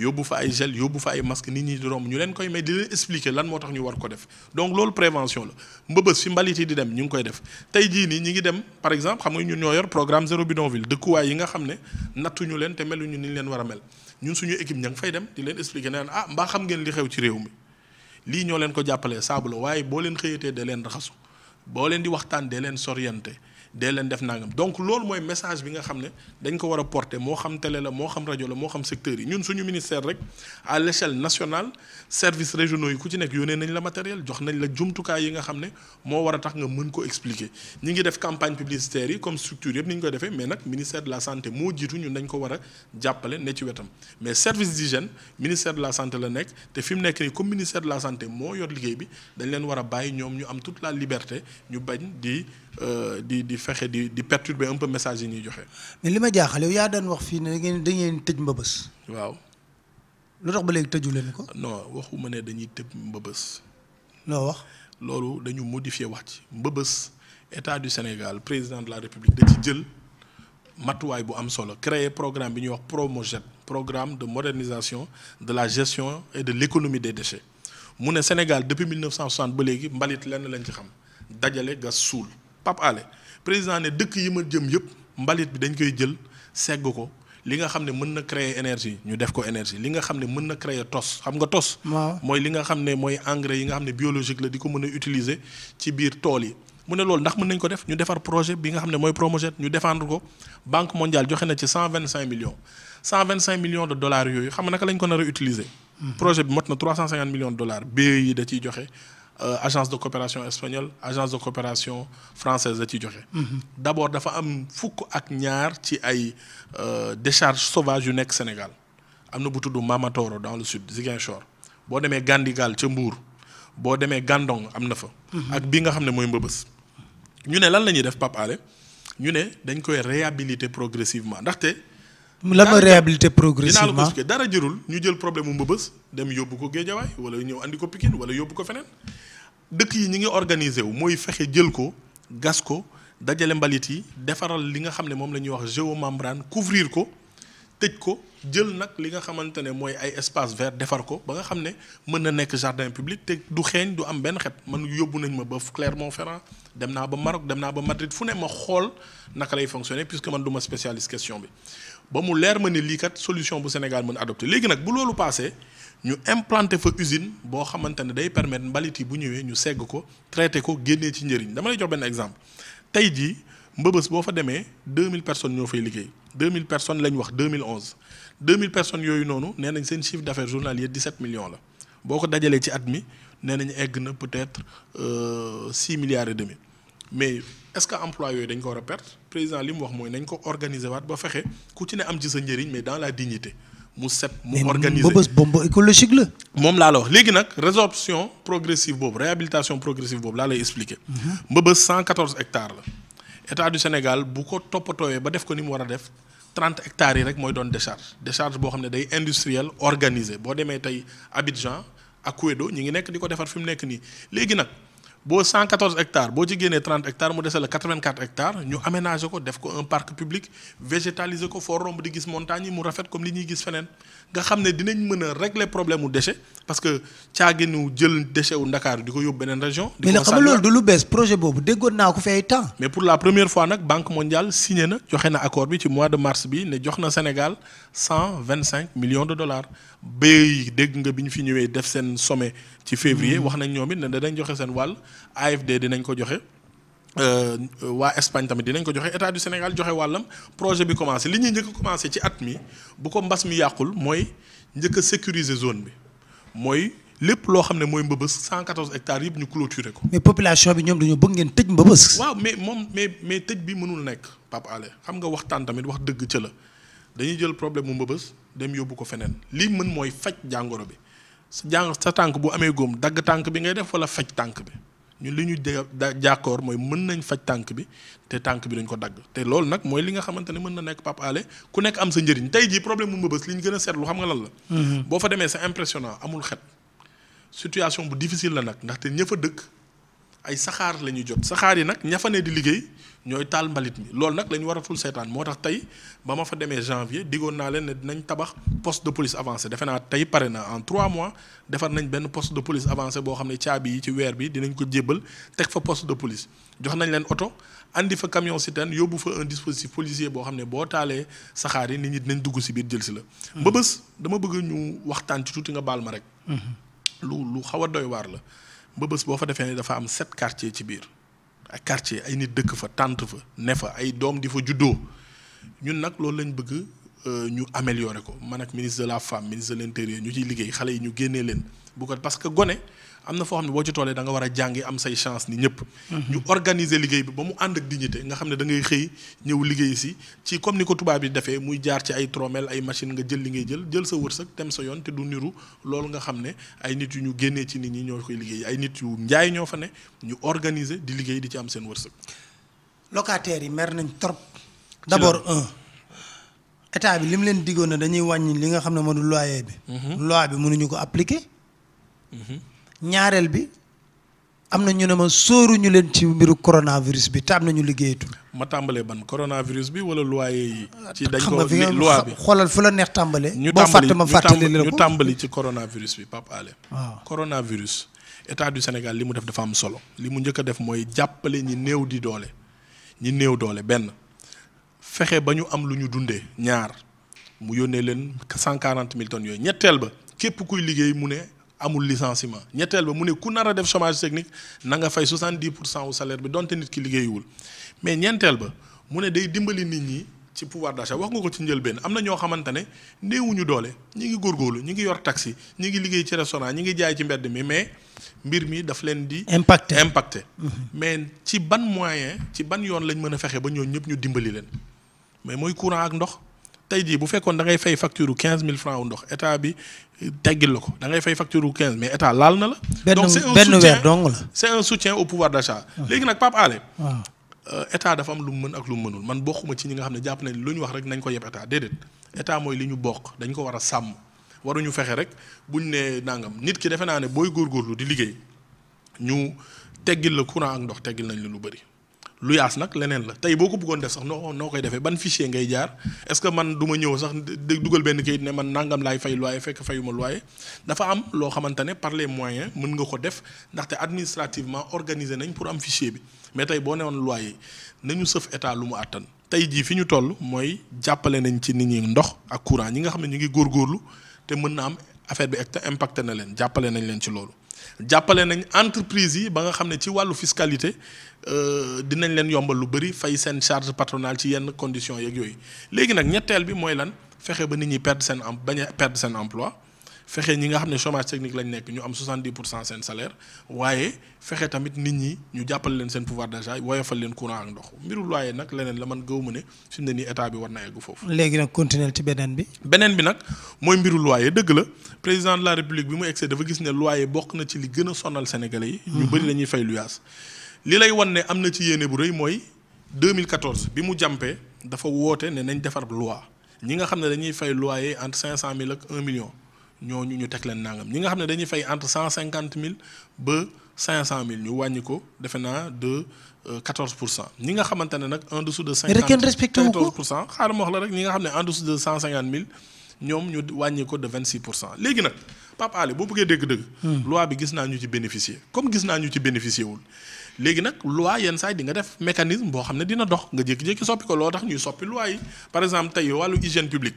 yobou fa ay gel yobou fa ay masque nit ñi di romb ñu leen koy may di leen expliquer lan moo tax ñu war ko def donc lool prévention la mbëbës fi mbalit di dem ñu ngi koy def tay ji ni ñi ngi dem par exemple xam nga ñun ñoyor programme zéro bidonville quoi yi nga xamné natu ñu leen melu ñu ni leen wara mel ñun suñu équipe ñang fay dem di leen expliquer ne ah mbaa xam ngeen li xew ci réew mi li ñoo leen ko jappalé sablo waye bo leen xëyatee de leen raxasu bo leen di waxtaan de leen sorienté dee leen def nangam donc loolu mooy message bi nga xam ne dañ ko war a porter moo xam télé la moo xam rajo la moo xam secteur yi ñun suñu ministère rek à l'échelle nationale service régionaux yi ku ci nekk yónnee nañ la matériel jox nañ la jumtukaay yi nga xam ne moo war a tax nga mën ko expliquer ñi ngi def campagne publicitaire yi comme structure yëpp ni ñu koy defee mais nag ministère de la santé moo jiitu ñun dañ ko war a jàppale ne ci wetam mais service d'hygiène ministère de la santé la nekk te fi mu nekk nii comme ministère de la santé moo yor liggéey bi dañ leen war a bàyyi ñoom ñu am toute la liberté ñu bañ di euh, di di fexé di di perturber un peu message yi ñuy joxe. mais lima ma yow ya dañ wax fi ne da ngeen da ngeen tëj mbëbës. waaw. lu tax ba légui tëju leen ko. non waxuma ne dañuy tëj mbëbës. lo wax. lolu dañu modifier wax ci mbëbës état du Sénégal président de la République da ci jël matuwaay bu am solo créer programme bi ñuy wax Promojet programme de modernisation de la gestion et de l'économie des déchets mu ne Sénégal depuis 1960 ba léegi mbalit lenn lañ ci xam dajale ga suul. Pape Alé président ne dëkk yi ma jëm yëpp mbalit bi dañ koy jël segg ko li nga xam ne mën na créer énergie ñu def ko énergie li nga xam ne mën na créer tos xam nga tos. moy li nga xam moy engrais yi nga xam biologique la diko mëna utiliser ci biir tool yi. mu ne lool ndax mën nañ ko def ñu defar projet bi nga xam moy mooy Promojet ñu défendre ko banque mondiale joxe na ci 125 millions 125 millions de dollars yoyu xam nga naka lañ ko na a utiliser. Hmm. projet bi mot na trois millions de dollars BEI da ci joxe. Euh, agence de coopération espagnole agence de coopération française étudiante. ci joxe. Mhm. D'abord, abord dafa am fukk ak ñaar ci ay euh, décharge sauvage yu nekk Sénégal am na bu tudd Mamatoro dans le sud Ziguinchor boo demee Gandigal ca Mbour boo demee Gandong, am na fa. Mhm. ak bi nga xam ne mooy Mbëbës. ñu ne lan la def Pape ñu ne dañ koy réhabiliter progressivement ndaxte. la ma réhabiliter progressivement dara jërul ñu jël problème mu Mbëbës dem yobbu ko Géejawaay wala ñeu andi ko Pikine wala yobbu ko fenen dëkk yi ñi ngi organiser wu mooy fexe jël ko gas ko dajale mbalit yi defaral li nga xam ne moom la ñuy wax géomembrane couvrir ko tëj ko jël nag li nga xamante ne mooy ay espace vert defar ko ba nga xam ne mën na nekk jardin public te du xeeñ du am benn xet man yóbbu nañ ma ba Clermont-Ferrand dem naa ba Maroc dem naa ba Madrid fu ne ma xool naka lay fonctionner puisque man duma spécialiste question bi ba mu leer ma ne lii kat solution bu Sénégal mën adopté léegi nag bu loolu passé ñu implanté fa usine boo xamante ne day permettre mbalit yi bu ñëwee ñu segg ko traité ko génnee ci njëriñ dama lay jox exemple tey jii mbëbës boo fa 2000 personnes ñoo fay liggéey 2000 personnes lañ wax 2011 2000 personnes yooyu noonu nee nañ seen chiffre d'affaires journalier 17 millions la boo ko dajalee ci at mi nee nañ peut-être 6 euh, milliards et demi mais est-ce que emploi yooyu dañ ko war président li mu wax mooy nañ ko organiser waat ba fexe ku ci mais dans la dignité mu set mu organiser mais bombe écologique la. mom la wax légui nak résorption progressive boobu réhabilitation progressive boobu la lay expliquer. Mhm. mbëbës 114 hectares la. état du Sénégal bu ko toppatooyee ba def ko ni mu wara def 30 hectares yi rek moy don décharge décharge bo xamné day industriel organisé bo démé tay Abidjan ak Kouédo ñu ngi nek diko défar defar nek ni légui nak a 114 hectares si ci a 30 hectares mu desal 84 hectares nous aménager ko un parc public végétalisé, ko forum de di montagne nous comme li ñuy fait nga xam ne dinañ mën a régler problème mu déchet parce que caaginu jël déchet wu Ndakaaru di ko yóbbu beneen région. di ko mais xam nga loolu du lu bees projet boobu déggoon naa ko fi ay temps. mais pour la première fois nag banque mondiale signé na joxe na accord bi ci mois de mars bi ne jox na Sénégal 125 millions de dollars BEI dégg nga bi ñu fi ñëwee def seen sommet ci février mm. wax nañ ñoom it ne danañ joxe seen wàll AFD dinañ ko joxe. Euh, wa Espagne tamit dinañ ko joxe état du Sénégal joxe walam projet bi commencé li ñuy ñëk commencé ci at mi bu ko mbass mi yaqul moy ñëk sécuriser zone bi moy lepp lo xamne moy mooy 114 hectares yëpp ñu clôturer ko. mais population bi ñom dañu bëgg ngeen tëj mbëbës. waaw mais mom mais mais tëj bi mënul nekk Pape Alé xam nga waxtaan tamit wax dëgg ci la dañuy jël problème mu mbëbës dem yobbu ko feneen li mën moy fajj jangoro bi sa jàng sa tànk bu amé gom dag tank bi ngay def wala fajj tank bi. ñu li ñu jàkkoor mooy mën nañ faj tànk bi te tànk bi dañ ko dagg te loolu nag mooy li nga xamante ne mën na nekk Pape Alé ku nekk am sa njëriñ tey jii problème mu Mbëbës li ñu gën a seetlu xam nga lan la mm-hmm. boo fa demee c'est impressionnant amul xet situation bu difficile la nag ndaxte ña fa dëkk ay saxaar la ñuy jot saxaar yi nag ña fa ne di liggéey ñooy taal mbalit mi loolu nag la ñu war a janvier ne poste de police avancé en trois mois defar nañ benn poste de police avancé boo ne caabi ci weer bi dinañ ko jébbal poste de police jox nañ leen andi fa camion yóbbu fa un dispositif policier boo xam ne boo taalee nit ñi dinañ dugg si biir jël la. Hmm. dama bëgg ñu ci nga hmm. lu lu a doy la sept quartiers ci ay quartier ay nit dëkk fa tànt fa ne fa ay doom di fa juddoo ñun nag loolu lañ bëgg Euh, ñu améliorer ko man ak ministre de la femme ministre de l'intérieur ñu ciy liggéey xale yi ñu génnee leen bu ko parce que gone am na foo xam ne boo ci toolee danga war a jàngi am say chance ni ñëpp. Mhm. ñu organiser liggéey bi ba mu ànd ak dignité nga xam ne dangay ngay xëy ñëw liggéey si ci comme ni ko tubaab yi defee muy jaar ci ay tromel ay machine nga jël li ngay jël jël sa wërsëg dem sa yoon te du niru loolu nga xam ne ay nit yu ñu génnee ci nit ñi ñoo koy liggéey ay nit yu njaay ñoo fa ne ñu organiser di liggéey di ci am seen wërsëg. locataires yi mer nañ trop. d'abord un. état bi li mu leen diggoon na dañuy wàññi li nga xam ne moo du loyer bi. Mhm. loi bi mënuñu ko appliquer. Mhm. ñaareel bi am na ñu ne ma sóoruñu leen ci mbiru coronavirus bi te am na ñu liggéeyatul. ma tàmbalee ban coronavirus bi wala loyer yi. ci dañ ko loi bi xoolal fu la neex tàmbalee. ñu boo fàtte ma fàttali la ko ñu tàmbali ci coronavirus bi Pape Alé. waaw coronavirus état du Sénégal li mu def dafa am solo li mu njëkk a def mooy jàppale ñi néew di doole ñi néew doole benn. fexe ba ñu am lu ñu dundee ñaar mu yónnee leen cent quarante mille tonnes yooyu ñetteel ba képp kuy liggéey mu ne amul licenciement ñetteel ba mu ne ku nar a def chômage technique na nga fay soixante dix pour cent wu salaire bi donte nit ki liggéeyiwul mais ñeenteel ba mu ne day dimbali nit ñi ci pouvoir d'achat wax nga ko ci njëlbeen am na ñoo xamante ne néewuñu doole ñi ngi góor góorlu ñi ngi yor taxi ñi ngi liggéey ci restaurant ñi ngi jaay ci mbedd mi mais mbir mi daf leen di. impacté impacté mhm. mais ci ban moyen ci ban yoon lañ mën a fexe ba ñoo ñëpp ñu dimbali leen. mais moy courant ak ndox tay jii bu fekkoon da ngay fay facture 15000 francs wu ndox état bi eh, teggil lako da ngay fay facture 15 mais état lal na la. donc c'est un soutien dong la. c'est un soutien au pouvoir d'achat. léegi nak pap ale euh, état dafa am lu mën ak lu mënul man bokkuma ci ñi nga japp ne jàpp wax rek nañ ko yeb état dedet état moy liñu ñu bokk dañ ko wara sam sàmm waruñu fexé rek buñ né nangam nit ki defé na né boy gor gor lu di liggéey ñu teggil la courant ak ndox teggil nañ lu bari lu yaas nag leneen la tey boo ko bëggoon def sax noo noo koy defee ban fichier ngay jaar est-ce que man du ñëw sax dugal benn kayit ne man nangam laay fay loyer fekk fayuma loyer dafa am loo xamante ne par les moyens mën nga ko def ndaxte administrativement organiser nañ pour am fichier bi mais tey boo ne newoon loyer nañu sëf état lu mu àttan tey jii fi ñu toll mooy jàppale nañ ci nit ñi ndox ak courant ñi nga xam ne ñu ngi góor góorlu te mën na am affaire bi impacté na leen jàppale nañ leen ci loolu jàppale nañ entreprise yi ba nga xam ne ci wàllu fiscalité euh, dinañ leen yombal lu bëri fay seen charge patronale ci yenn conditions yeeg yooyu léegi nag ñetteel bi mooy lan fexe ba nit ñi perd seen em bañ a seen emploi fexé ñi nga xamné chômage technique lañ nekk ñu am 70 sen salaire wayé fexé tamit nit ñi ñu jappal leen sen pouvoir d'achat woyofal leen courant ak ndox mbiru loyer nak leneen la man gëw né suñu ne état bi war na egg fofu. légui nak continuer ci benen bi. benen bi nak moy mbiru loyer deug la président de la république bi mu egg dafa gis né loyer bok na ci li gëna a sonal sénégalais yi. ñu mhm. bari lañuy fay lu li lay wan ne am ci yéene bu reuy moy 2014 bi mu jampé dafa woté ne nañ défar loi ñi nga xamné ne dañuy fay loyer entre 500000 ak 1 million. ñooñu ñu teg leen nangam ñi nga xam ne dañuy fay entre cent cinquante mille ba cinq cent mille ñu wàññi ko defe naa de euh, quatorze pour cent ñi nga xamante ne nag en dessous de cinquante kenn respecté wu ko quatorze pour cent xaaral ma wax la rek ñi nga xam ne en dessous de cent cinquante mille ñoom ñu wàññi ko de vingt pour cent léegi nag Pape boo bëggee dégg-dëgg hmm. loi bi gis naa ñu ci bénéficier comme gis naa ñu ci bénéficier wul léegi nag loi yenn saa yi di nga def mécanisme boo xam ne dina dox nga jékki-jékki soppi ko loo tax ñuy soppi par exemple tey wàllu hygiène publique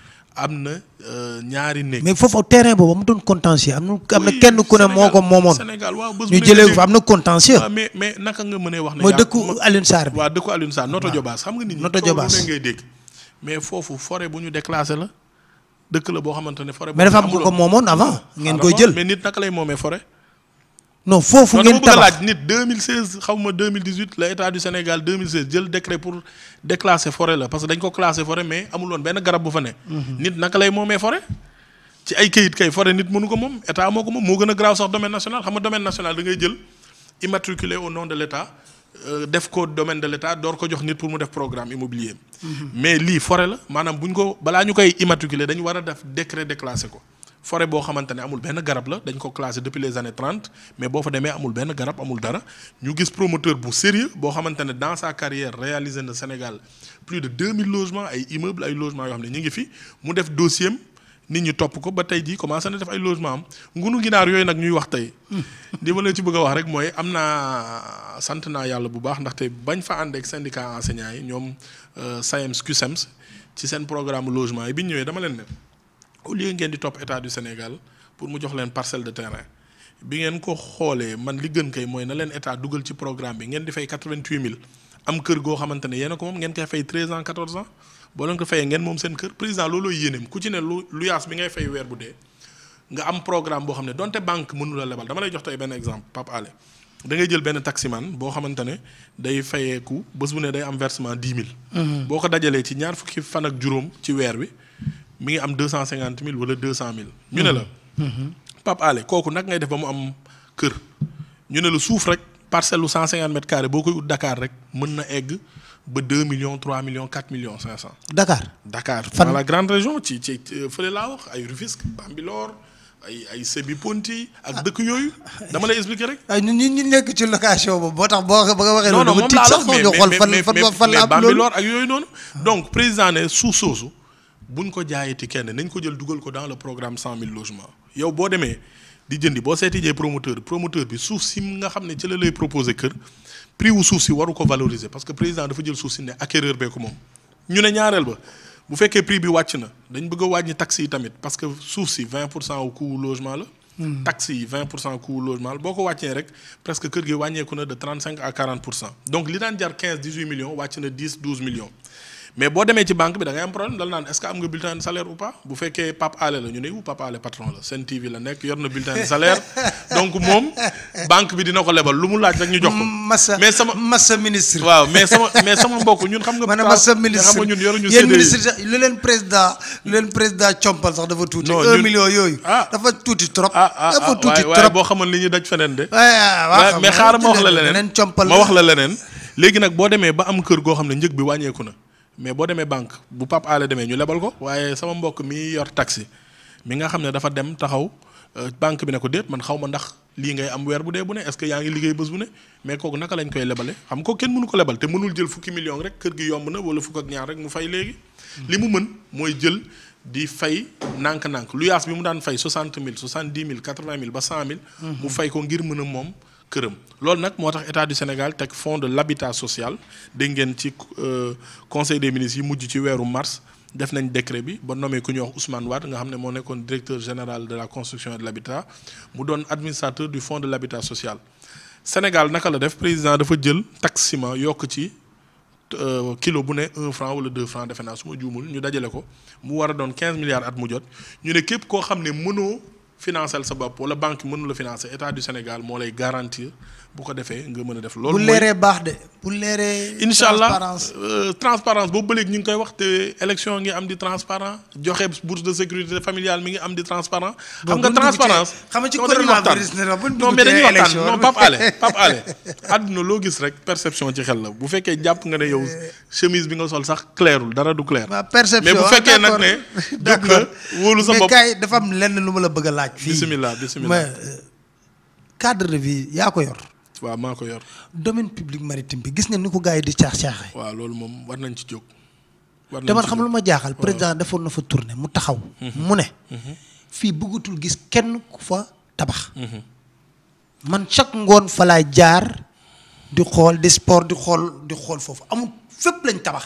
am na euh, ñaari néeg. mais foofu terrain boobu mu doon contentieux am na kenn ku ne moo ko moomoon. Sénégal waaw bés bu ñu jëlee fa am na contentieux. waaw mais mais naka nga mënee wax. ne mooy dëkku Alioune Sarr bi. waaw dëkku Alioune Sarr Notto xam nga nit ñi. Notto Diobass ngay mais foofu forêt bu ñu déclassé la dëkk la boo xamante ne forêt. mais dafa am ko moomoon avant. ngeen koy jël mais nit naka lay moomee forêt. non foofu ngeen tabax bëgg nit 2016 xaw 2018 l'État du Sénégal 2016 a décret pour déclasser forêt là. parce que dañ ko classé forêt mais amul woon benn garab bu fa ne. Mhm. nit naka lay forêt. ci ay kayit kay forêt nit mënu ko mom état moko mom mo gëna gën sax domaine national xam nga domaine national da ngay jël immatriculé au nom de l'État, euh, def ko domaine de l'État, état door ko jox nit pour mu def programme immobilier mhm. mais li forêt la manam buñ ko bala ñukay immatriculé dañ wara def décret déclassé ko. fore boo xamante ne amul benn garab la dañ ko classé depuis les années trente mais boo fa demee amul benn garab amul dara ñu gis promoteur bu sérieux boo xamante ne dans sa carrière réaliser na Sénégal plus de 2000 logements ay immeubles ay logements yoo ne ñu ngi fi mu def dossier am nit ñi topp ko ba tey jii commencé na def ay logement am ngunu ginaar yooyu nag ñuy wax tey li ma la ci bëgg a wax rek mooy am naa sant naa yàlla bu baax ndaxte bañ fa ànd ak syndicat enseignants yi ñoom euh, SAEMS CUSEMS ci seen programme logement yi bi ñëwee dama leen ne au lieu ngeen di topp état du Sénégal pour mu jox leen parcelle de terrain bi ngeen ko xoolee man li gën kay mooy na leen état dugal ci programme bi ngeen di fay 88000 am kër goo xamante ne yéen a ko moom ngeen koy fay 13 ans 14 seen kër président loolooy yéeneem ku ci ne lu lu yaas bi ngay fay weer bu dee am boo xam ne donte banque mënu la lebal dama lay jox tey benn exemple Pape Alé da ngay jël benn taximan boo xamante ne day fayeeku bés bu ne day am versement 10 000. boo ko dajalee ci ñaar fukki fan ak juróom ci weer wi. mi ngi am 250 000 wala deux cent ñu ne la. Pape Alé kooku nag ngay def ba mu am kër. ñu ne la suuf rek parcelle mètres carrés Dakar rek na millions 3 millions 4 millions 500 Dakar Dakar. dans la grande région ci ci fële laa wax ay Bambilor. ay ay ak dëkk dama lay expliquer mais Bambilor donc président ne buñ ko jaayati kenn nañ ko jël dugal ko dans le programme cent logements yow boo demee di jëndi promoteur promoteur bi suuf si nga xam ci la lay proposer kër prix wu suuf si waru ko valoriser parce que le président dafa jël suuf souci. ne acquéreur bee ko moom ñu ne ñaareel ba bu prix bi élevé, na dañ bëgg a taxi parce que suuf si 20 au coût logement Le taxi 20 au coût logement Si boo ko rek presque kër gi de 35 à 40 donc li daan jar 15 18 millions wàcc na 10 12 millions. mais boo demee ci banque bi da ngay am problème dal naan est-ce que am nga bulletin de salaire ou pas bu fekkee Pape Alé la ñu ne ou Pape Alé patron la Sen TV la nekk yor na bulletin salaire donc moom banque bi dina ko lebal lu mu laaj rek ñu jox ko. massa mais sama massa ministre. waaw mais sama mais sama mbokk ñun xam nga. ma ne massa ministre xam nga ñun yoruñu. yéen ministre lu leen président lu leen président compal sax dafa tuuti. non 1 million yooyu. Ah. dafa tuuti trop. Ah, ah, dafa tuuti trop boo xamoon li ñuy daj feneen de. mais xaaral ma wax la leneen ma wax la leneen léegi nag boo demee ba am kër goo xam ne njëg bi wàññeeku na mais boo demee banque bu Pape demee ñu lebal ko waaye sama mbokk mi yor taxi mi nga xam ne dafa dem taxaw euh, banque bi ne ko déet man xaw ma ndax lii ngay am weer bu dee bu ne est yaa ngi liggéey bés bu ne mais kooku naka lañ koy lebale xam ko kenn mënu ko lebal te mënul jël fukki million rek kër gi yomb na wala fukk ak ñaar rek mu fay léegi. Hmm. li mu mën mooy jël di fay nànk-nànk lu yaas bi mu daan fay soixante mille soixante dix mille quatre vingt mille ba cent mille. Hmm. mu fay ko ngir mën a moom. kërëm loolu nak moo tax état du Sénégal teg fonds de l'habitat social dégg ngeen ci euh, conseil des ministres yi mujj ci weeru mars def nañ décret bi ba nommé ku ñuy wax Ousmane Wade nga xam ne moo nekkoon directeur général de la construction et de l'habitat mu doon administrateur du fonds de l'habitat social Sénégal naka la def président dafa jël taxe ciment yokk ci euh, kilo bu ne un franc wala deux francs defe naa su ma juumul ñu dajale ko mu war a doon milliards at mu jot ñu ne képp koo xam ne mënoo financer le pour le banque nous le financer état du Sénégal moo le garantir bu ko defee nga mën a def. loolu bu leeree baax de bu leeree. transparence incha allah euh, transparence boobu ba léegi ñu ngi koy wax te élection ngi am di transparent joxe bourse de sécurité familiale mi ngi am di transparent xam nga xam nga ci coronavirus non mais dañuy waxtaan non Pape Alé Pape Alé àdduna loo gis rek perception ci la bu fekkee jàpp nga ne yow eh. chemise bi nga sol sax clairul dara du clair. mais bu ah, fekkee nag ne. dëgg nga wóolu sa bopp mais kay dafa lenn lu ma la bëgg a laaj. fii bisimilah bisimilah euh, cadre de vie yaa ko yor. waaw maa ko yor. domaine public maritime bi gis nga ni ko gars yi di caax caaxee. waa loolu moom war nañ ci jóg. war te man xam lu ma jaaxal président defoon na fa tournée mu taxaw. Mhm. mu ne. Mhm. fii bëggatul gis kenn ku fa tabax. Mhm. man chaque ngoon fa laay jaar di xool di sport di xool di xool foofu amul fépp lañ tabax.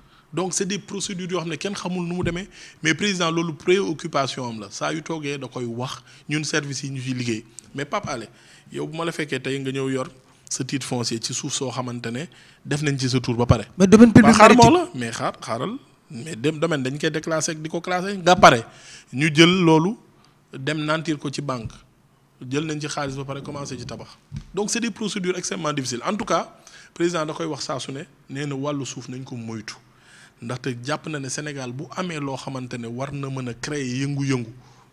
donc c'est des procédures yoo xam ne kenn xamul nu mu demee mais président loolu préoccupation am la saa yu toogee da koy wax ñun service yi ñu fi liggéey mais Pape Alé yow bu ma la fekkee tey nga ñëw yor sa titre foncier ci suuf soo xamante ne def nañ ci sa tour ba pare. mais domaine public xaar moo la mais xaar xaaral mais dem domaine dañ koy déclassé di ko classé nga pare ñu jël loolu dem nantir ko ci banque jël nañ ci xaalis ba pare commencé ci tabax donc c' est des procédures extrêmement difficiles en tout cas président da koy wax saa su ne nee na wàllu suuf nañ ko moytu. ndaxte jàpp na ne Sénégal bu amee loo xamante ne war na mën a créer yëngu-yëngu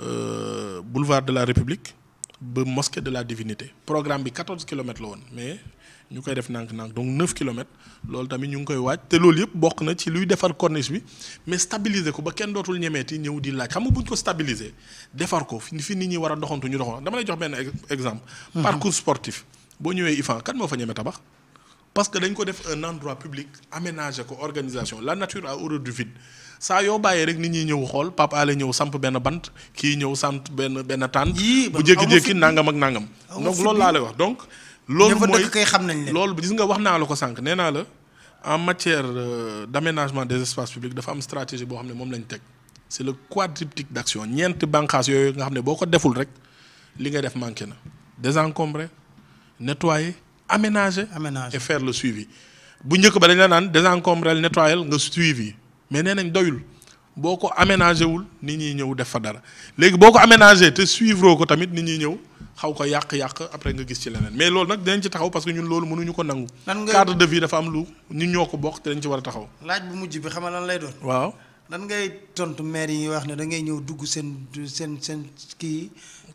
Euh, boulevard de la République ba mosquée de la divinité programme bi 14 km la woon mais ñu koy def nank nank donc 9 km lool tamit ñu ngi koy waaj té lool yëpp bokk na ci luy défar corniche bi mais stabiliser ko ba kenn dootul ñemeeti ñëw di laaj xam buñ ko stabiliser défar ko fi nit ñi wara a doxantu ñu doxantu dama lay jox ben exemple. Mhm. parcours sportif bo ñëwee IFAN kan mo fa ñeme tabax. parce que dañ ko def un endroit public aménagé ko organisation la nature a horreur du vide sa yo baye rek nit ñi ñew xol pap Alé ñew samp ben bant ki ñew samp ben ben tànn bu jek jékki nangam ak nangam donc loolu la lay wax donc loolu moy kay xam gis nga wax na la ko sànq nee la en matière euh, d'aménagement des espaces publics dafa am stratégie bo xamne mom moom lañ teg c'est le quadriptyque d'action ñent bànqaas yooyu nga xamne boko deful rek li nga def manqué na désencombrer nettoyer aménager aménager et faire le suivi bu njëkk ba dañ la naan désencombrer nettoyer nga suivi mais nee nañ doyul boo ko aménagé wul nit ñi ñëw def fa dara léegi boo ko aménagé te suivre ko tamit nit ñi ñëw xaw ko yàq-yàq après nga gis ci leneen mais loolu nag dinañ ci taxaw parce que ñun loolu mënuñu ko nangu. cadre de vie dafa am lu ñun ñoo ko bokk te dañ ci war a taxaw. laaj bu mujj bi xam lan lay doon. waaw lan ngay tontu maire yi wax ne da ngay ñëw dugg seen seen seen kii.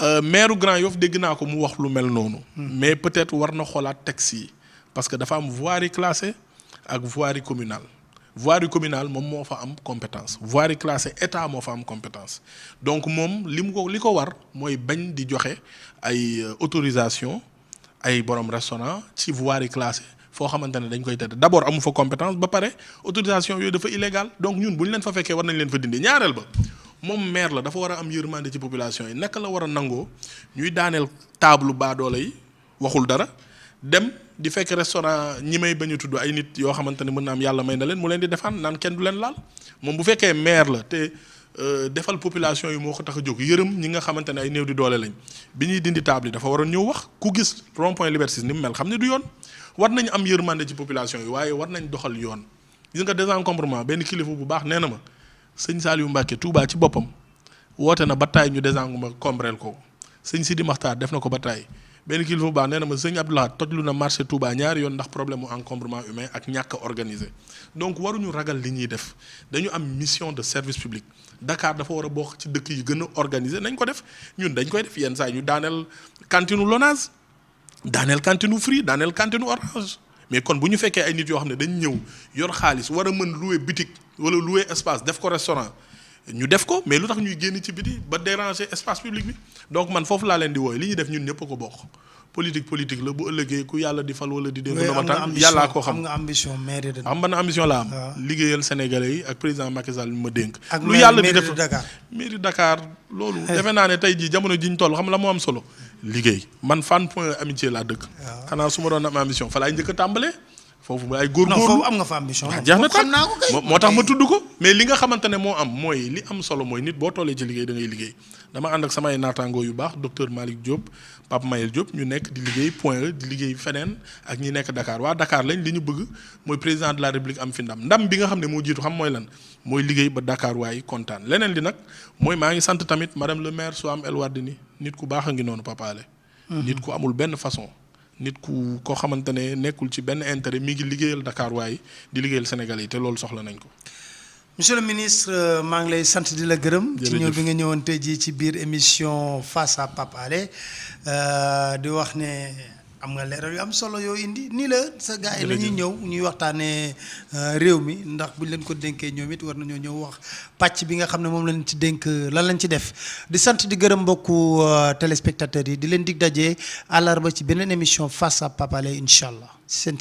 Euh, maire Grand yof dégg naa ko mu wax lu mel noonu. Hmm. mais peut-être war na xoolaat taxi yi parce que dafa am voirie classée ak voirie communale voirie communale moom moo fa am compétence voirie classée état moo fa am compétence donc moom li mu ko li ko war mooy bañ di joxe ay euh, autorisation ay borom restaurant ci voirie classée foo xamante ne dañ koy tëdd d'abord amu fa compétence ba pare autorisation yooyu dafa illégal donc ñun bu ñu leen fa fekkee war nañ leen fa dindi ñaareel ba. moom maire la dafa war a am yërmande ci population yi naka la war a nangoo ñuy daaneel table baadoole yi waxul dara dem di fekk restaurant ñi may bañ a tudd ay nit yoo xamante ne mën na am yàlla may na leen mu leen di defaan naan kenn du leen laal moom bu fekkee maire la te euh, defal population yi moo ko tax a jóg yërëm ñi nga xamante ne ay néew di doole lañ bi ñuy dindi table yi dafa waroon ñëw wax ku gis rond point ni mu mel xam ne du yoon war nañ am yërmande ci population yi waaye war nañ doxal yoon gis nga désencombrement benn kilifa bu baax nee na ma. sëñ saal yu Mbacke Touba ci boppam woote na bataay ñu désenguma kombreel ko sëñ si di Maxtaar def na ko bataay benn kilifa bu baax nee na ma sëñ Abdoulaye lu na marché Touba ñaari yoon ndax problème mu encombrement humain ak ñàkk a organisé donc waruñu ragal li ñuy def dañu am mission de service public Dakar dafa war a bokk ci dëkk yi gën a nañ ko def ñun dañ koy def yenn saa ñu daaneel cantine Lonase daaneel cantine Free daaneel cantine Orange. mais kon bu ñu fekkee ay nit yoo xam ne dañ ñëw yor xaalis war a mën louer boutique wala louer espace def ko restaurant ñu def ko mais lu tax ñuy génn ci biti ba déranger espace public bi donc man foofu laa leen di wooy li ñuy def ñun ñëpp ko bokk politique politique la bu ëllëgee ku yàlla di fal wala di dégg dama tan yàllaa ko xam nga ambition maire de am ban ambition la am ah. liggéeyal sénégalais yi ak président Macky Sall ma dénk lu yàlla di def maire de Dakar loolu eh. defe naa ne tey jii jamono jiñ toll xam la moo am solo liggéey man fan point amitié la dëkk. xana suma ma am ambition fala ñëk tambalé foofu mu ay góor góor am nga fa ambition ah, jeex na xam naa ko moo tax ma tudd ko mais li nga xamante ne moo am mooy li am solo mooy nit boo tollee ci liggéey da ngay liggéey dama ànd ak samay naataangoo yu baax docteur Malick Diop Pape Mayel Diop ñu nekk di liggéey point E di liggéey feneen ak ñi nekk Dakar waa Dakar lañ li ñu bëgg mooy président de la République am fi ndam ndam bi nga xam ne moo jiitu xam mooy lan mooy liggéey ba Dakar waaye kontaan leneen li nag mooy maa ngi sant tamit madame le maire Soham El Wardini nit ku baax a ngi noonu papaale mm-hmm. nit ku amul benn façon nit ku koo xamante ne nekkul ci benn intérêt mi ngi liggéeyal Dakar waaye di liggéeyal Sénégal yi te loolu soxla nañ ko. monsieur le ministre maa ngi lay sant di la gërëm. ci ñëw bi nga ñëwoon tey jii ci biir émission face à Pape euh, di wax ne. am nga leral yu am solo yo indi ni la sa gaay la ñuy ñew ñuy waxtane euh, rew mi ndax buñ leen ko denké ñomit war nañu ñew wax patch bi nga xamne mom lañ ci denk lan lañ ci def di sante di gëreum mbokku euh, téléspectateurs yi di leen dig dajé alarba ci benen émission face à papa lay inshallah